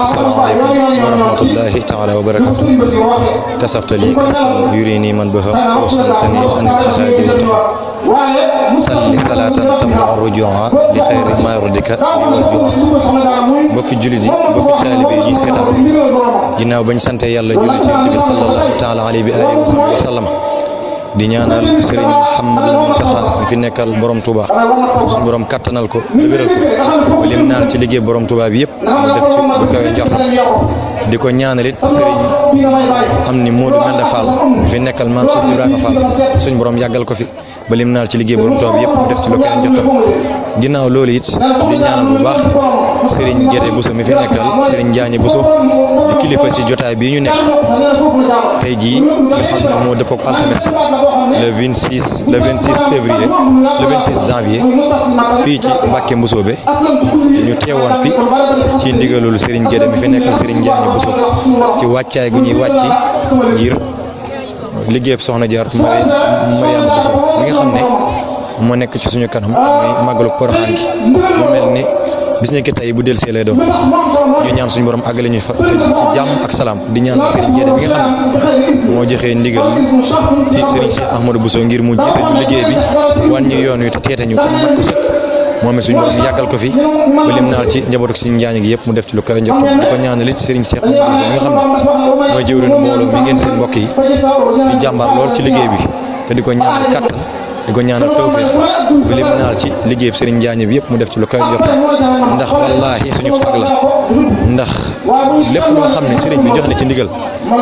السلام عليكم ورحمة الله تعالى وبركاته كسبت لي كسبا يريني من بها وصلتني أن أخادلت salli salaatan tamna rujuwa li xayri ma yurdika bokki jullit yi bokki taalibe yi ñuy seetaan ginnaaw bañ sante yàlla jullit yi sallallahu taala alayhi wa alihi wa sallam di ñaanal sëriñ Mouhamadou Mountakha fi nekkal borom Touba suñu borom kattanal ko wéral ko lim naal ci liggéey borom tubaab bi yëpp def ci di ko ñaanalit sëriñ am ni Modou Mende fi nekkal maam sëriñ Ibrahima Fall suñu borom yàggal ko fi ba lim naal ci liggéey borom Touba bi yëpp def ci lu kawe njortam di ñaanal bu Serigne Guédé Bousso mi fi nekkal Serigne Njaañe Bousso di kilifa si jotaay bii ñu nekk tey jii moo xam ne moo dëppook alxames le 26 le 26 février le 26 janvier fii ci Mbàkke Mbuso be ñu teewoon fi ci ndigalul Serigne Guédé mi fi nekkal Serigne Njaañe Bousso ci wàccaay gu ñuy wàcc ngir liggéeyub soxna jaar Mariama Bousso mi nga xam ne moo nekk ci suñu kanam muy màggalu Porokhane gi mu mel ni bis ñu tey bu dellusee lay doon ñu ñaan suñu borom àgg ñu fa ci jàmm ak salaam di ñaan Serigne Gueye mi nga moo joxee ndigal ci Serigne Cheikh Ahmadou Bousso ngir mu jiite ñu liggéey bi wan ñu yoon wi te teete ñu ko mat ko fi ba lim ci njabootu si njaañ gi yëpp mu def ci lu kawe njott di ko ñaanalit Serigne Cheikh Ahmadou Bousso mi nga xam ne ngeen seen mbokk yi di jàmbaar lool ci liggéey bi te di ko ñaan kattan di ko ñaanal tawfeex bi li mu ci liggéey Serigne Njaañ bi yëpp mu def ci lu koy jox ndax wallaahi suñu sag la ndax lépp loo xam ne sëriñ bi jox na ci ndigal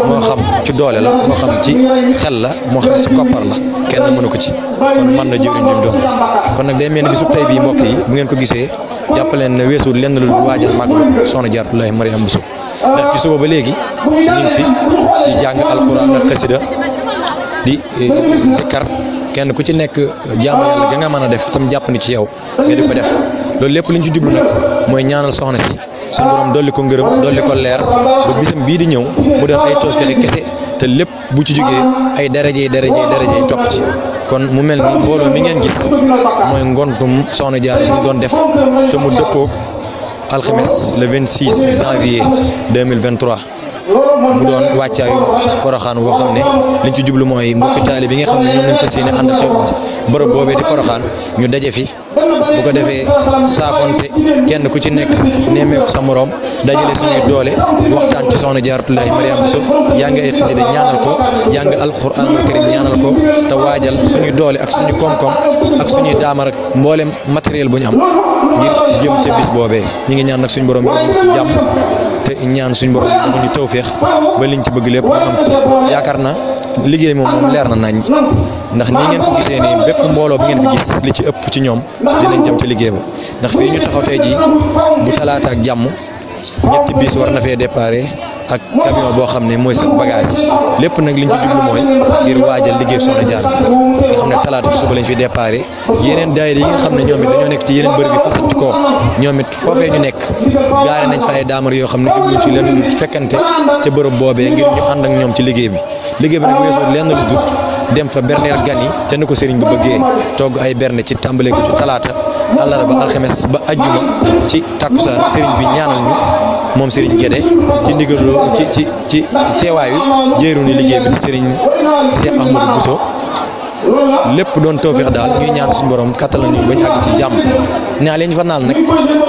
moo xam ci doole la moo xam ci xel la moo xam ci koppar la kenn mënu ko ci kon mën na jëriñ jum doon kon nag day mel ni bisu tey bii mbokk yi bu ngeen ko gisee jàpp leen ne weesu lenn lu waajal màgg soxna Jaaratullaahi Mariam Bousso ndax ci suba ba léegi ñu ngi fi di jàng alquran ak xasida eh, kenn ku ci nekk jaamu yàlla ga nga mën a def tam jàpp ni ci yow nga di ko def loolu lépp liñ ci jublu nag mooy ñaanal soxna ci suñ borom dolli ko ngërëm dolli ko leer ba bisam bii di ñëw mu doon ay toskale kese te lépp bu ci jógee ay daraje daraje daraje topp ci kon mu mel ni mbooloo mi ngeen gis mooy ngontum soxna jaar ñu doon def te mu dëppoog alxames le 26 janvier 2023 mu doon wàccaayu poroxaan woo xam ne liñ ci jublu mooy mbokki taali bi nga xam ne ñoom lañ fas yéene ànd ca bërëb boobee di poroxaan ñu daje fi bu ko defee saafonte kenn ku ci nekk nemmeeku sa moroom dajale suñuy doole waxtaan ci soxna jaaratullahi mariam su yaa ngi ay ñaanal ko yaa ngi alquranul karim te waajal suñuy doole ak suñu koom-koom ak suñuy daamar ak mboolem matériel bu ñu am ngir jëm ca bis boobee ñu ngi ñaan nag suñu borom ñu jàmm te ñaan suñu borom mu ñu tawféex ba liñ ci bëgg lépp am yaakaar na liggéey moom leer na nañ ndax nii ngeen ko gisee bépp mbooloo bi ngeen fi gis li ci ëpp ci ñoom dinañ jëm ci liggéey ba ndax fii ñu taxaw tey jii bu talaata ak jàmm ñetti biis war na fee déparé ak avion boo xam ne mooy sa bagage lépp nag liñ ci jublu mooy ngir waajal liggéey soxna jaar bi nga xam ne talaata suba lañ fi déparé yeneen daayira yi nga xam ne ñoom it dañoo nekk ci yeneen bërëb yi fasal ci koo ñoom it foofee ñu nekk gaare nañ fa ay daamar yoo xam ne jubluñ ci lenn lu fekkante ca bërëb boobee ngir ñu ànd ak ñoom ci liggéey bi liggéey bi nag weesu lenn lu dut dem fa berneer gan yi te ni ko sëriñ bu bëggee togg ay berne ci tàmbale ko àllarba alxemes ba ajjuma ci takkusaan sëriñ bi ñaanal moom sëriñ Guédé ci ndigaloo ci ci ci teewaayu jéeru ni liggéey bi sëriñ Cheikh Ahmadou Bousso lépp doon tawféex daal ñuy ñaan suñu mboroom kattan la ñu bañ ci jàmm ñaa leen ñu fa naan nag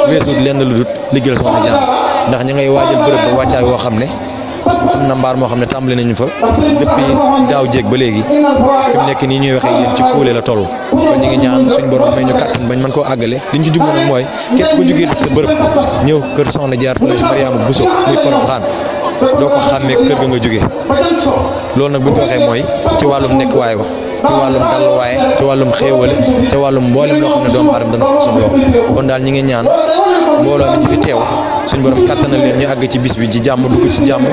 weesuut lenn lu liggéeyal soxna jàmm ndax ñu ngay waajal bërëb ba wàccaay woo xam ne am na mbaar moo xam ne tàmbali nañu fa depuis daaw jéeg ba léegi fi nekk nii ñuy waxee yéen ci kuule la toll kon ñu ngi ñaan suñ borom may ñu kàttan bañ man koo àggale liñ ci jublu nag mooy képp ku jógee sa bërëb ñëw kër soxna jaar Laahi Mariama Buso muy Poroxaan doo ko xàmmee kër ga nga jógee loolu nag bu ñu waxee mooy ci wàllum nekk waay wax ci wàllum waaye ci wàllum xéewal ca wàllum mboolem loo xam ne doomu aadama dana ko soxla kon daal ñi ngi ñaan mbooloo mi ci fi teew suñ borom na leen ñu àgg ci bis bi ci jàmm dugg ci jàmm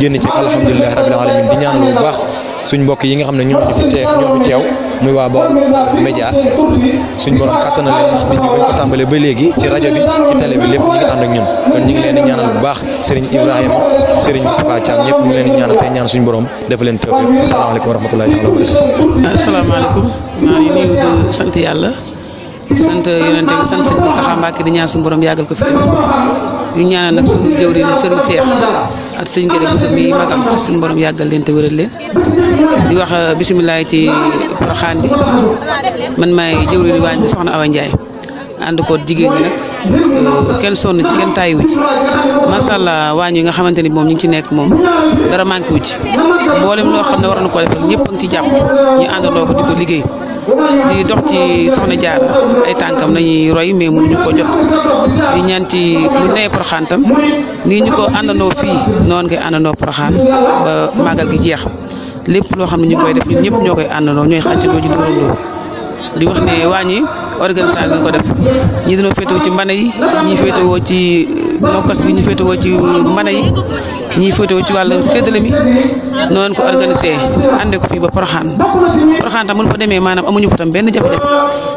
génn ci alhamdulilah rabbil alamin di ñaan lu baax suñ mbokk yi nga xam ne ñoo fi teew ñoo muy waa Baol Média suñ borom kàttan na leen ndax bis bi buñ ko ba léegi ci rajo bi ci télé bi lépp ñi ngi ànd ak ñun kon ñu ngi leen di ñaanal bu baax Serigne Ibrahima Serigne Moustapha Thiam ñëpp ñu ngi leen di ñaanal tey ñaan suñu borom def leen teew asalaamaaleykum wa rahmatulahi taala wa barakatu asalaamaaleykum maa ngi nuyu di sant yàlla sant yonente bi sant sëñ Mountakha Mbacké di ñaan suñu borom yàggal ko fi ñu ñaanal nag suñu jëwriñ sëriñ Cheikh ak sëñ Gere Bousso mi magam suñu borom yàggal leen te wéral leen di wax euh, bisimilah ci Porokhane bi man maay jëwriñ waañ bi soxna Awa Ndiaye ànd ko jigéen ñi nag euh, kenn sonn ci kenn taayu ci macha allah yi nga xamante ni moom ñu ngi ci nekk moom dara manqué wu ci mboolem loo xam ne war na ko def ñëpp ci jàpp ñu àndandoo ko di ko liggéey. di dox ci soxna jaara ay tànkam nañuy roy mais mënuñu ko jot di ñaan ci bu nee Porokhane tam nii ñu ko àndandoo fii noonu ngay àndandoo Porokhane ba màggal gi jeex lépp loo xam ne ñu koy def ñun ñëpp ñoo koy àndandoo ñooy xàccandoo ji dóorandoo di wax ne waañ yi organisation bi ko def ñii dañoo féetewoo ci mbana yi ñi féetewoo ci nokkos bi ñu féetewoo ci mbana yi ñi féetewoo ci wàllu séddale mi noonu ko organisé àndee ko fii ba Poroxaan Poroxaan tam mu ñu fa demee maanaam amuñu fa tam benn jafe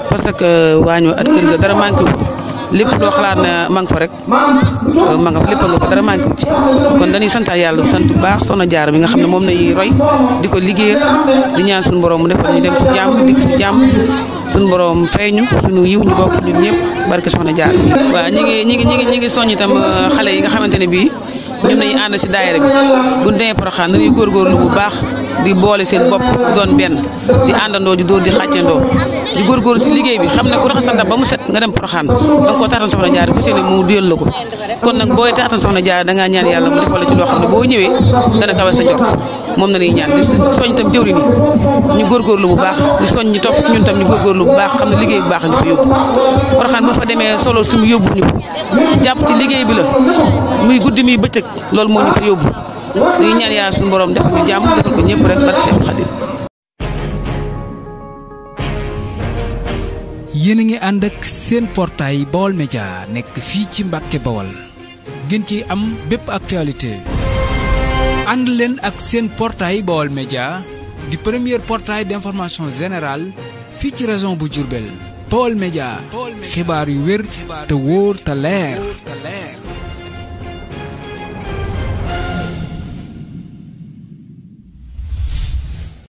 parce que waañoo at kër ga dara manqué lépp loo xalaat na ma nga fa rek euh, ma fa lépp nga fa dara manqué wu ci kon dañuy santaal yàlla sant bu baax soxna Jaara bi nga xam ne moom nañuy roy di ko liggéeya di ñaan suñu borom mu defal ñu dem si jàmm jàmm suñu borom feeñu suñu yiw ñu bokk ñun ñëpp barke soxna Jaara. waaw ñi ngi ñi ngi ñi ngi ñi ngi itam euh, xale yi nga xamante ne bii ñoom nañu ànd si daayira bi bu ñu demee Porokhane nañuy góorgóorlu bu baax. di boole seen bopp doon benn di àndandoo di dóor di xàccandoo di góor si liggéey bi xam ne ku raxas sa ndab ba mu set nga dem Poroxaan da nga koo taatan soxna jaar fas yéene ko kon nag booy taatan soxna jaar da ngaa ñaan yàlla mu defal la ci loo xam ne boo ñëwee dana kawe sa njot moom na lay ñaan di soñ tam jëwri ni ñu góorgóorlu bu baax di soñ ñi topp ñun tam ñu góorgóorlu bu baax xam ne liggéey bu baax ñu fa yóbbu Poroxaan ba fa demee solo suñu yóbbu ñu jàpp ci liggéey bi la muy guddi muy bëccëg loolu moo ñu yóbbu ñuy ñaan yàlla suñu borom defal ñu a ngi ànd ak seen portail Baol Média nekk fii ci Mbàkke Bawol ngeen ci am bépp actualité ànd leen ak seen portail Baol Média di premier portail d'information générale fii ci région bu Diourbel Baol Média xibaar yu wér te wóor te leer